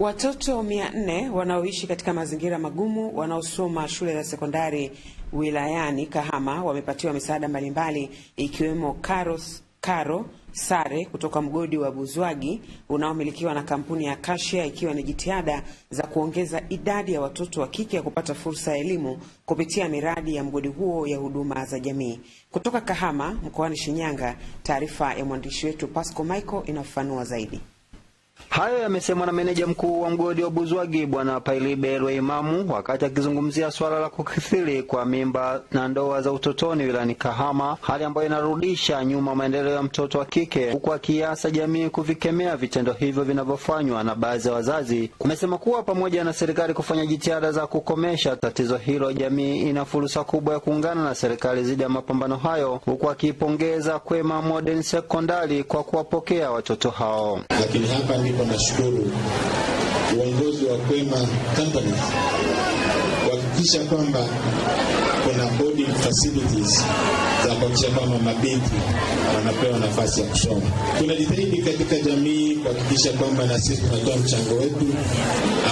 Watoto mia nne wanaoishi katika mazingira magumu wanaosoma shule za sekondari wilayani Kahama wamepatiwa misaada mbalimbali ikiwemo karo, karo sare kutoka mgodi wa Buzwagi unaomilikiwa na kampuni ya Kashia, ikiwa ni jitihada za kuongeza idadi ya watoto wa kike ya kupata fursa ya elimu kupitia miradi ya mgodi huo ya huduma za jamii. Kutoka Kahama mkoani Shinyanga, taarifa ya mwandishi wetu Pasco Michael inafafanua zaidi. Hayo yamesemwa na meneja mkuu wa mgodi wa Buzwagi Bwana Pailibe Lweimamu wakati akizungumzia swala la kukithiri kwa mimba na ndoa za utotoni wilani Kahama, hali ambayo inarudisha nyuma maendeleo ya mtoto wa kike, huku akiasa jamii kuvikemea vitendo hivyo vinavyofanywa na baadhi ya wazazi. Kumesema kuwa pamoja na serikali kufanya jitihada za kukomesha tatizo hilo, jamii ina fursa kubwa ya kuungana na serikali dhidi ya mapambano hayo, huku akiipongeza Kwema Modern Sekondari kwa kuwapokea watoto hao. Lakini hapa mimi nashukuru uongozi wa Kwema Company kuhakikisha kwamba kuna boarding facilities za kuhakikisha kwamba mabinti wanapewa nafasi ya kusoma. Tunajitahidi katika jamii kuhakikisha kwamba na sisi tunatoa mchango wetu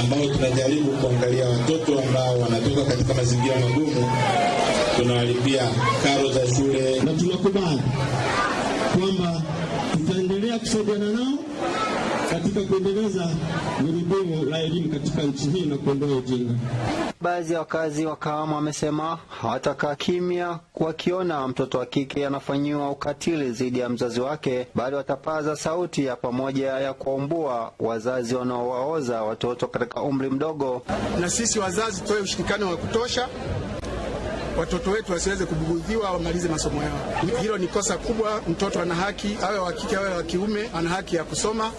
ambao tunajaribu kuangalia watoto ambao wanatoka katika mazingira magumu, tunawalipia karo za shule na tunakubali kwamba tutaenda tutaendelea kusaidiana nao katika kuendeleza gurudumu la elimu katika nchi hii na kuondoa ujinga. Baadhi ya wakazi wa Kahama wamesema hawatakaa kimya wakiona mtoto wa kike anafanyiwa ukatili dhidi ya mzazi wake, bali watapaza sauti ya pamoja ya kuwaumbua wazazi wanaowaoza watoto katika umri mdogo. Na sisi wazazi tutoe ushirikano wa kutosha watoto wetu wasiweze kubugudhiwa, wamalize masomo yao. Hilo ni kosa kubwa. Mtoto ana haki, awe wa kike awe wa kiume, ana haki ya kusoma.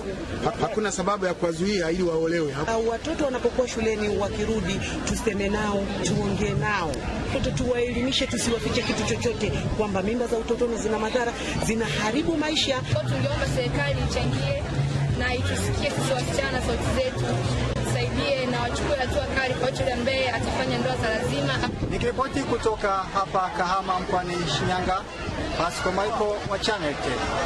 Hakuna sababu ya kuwazuia ili waolewe. watoto wanapokuwa shuleni, wakirudi, tuseme nao, tuongee nao, watoto tuwaelimishe, tusiwafiche kitu chochote, kwamba mimba za utotoni zina madhara, zinaharibu maisha. Tungeomba serikali ichangie na itusikie sisi wasichana, sauti zetu, tusaidie na wachukue hatua kali kwa yule ambaye atafanya ndoa za lazima. Nikiripoti kutoka hapa Kahama mkoani Shinyanga, Pasco Michael wa Channel 10.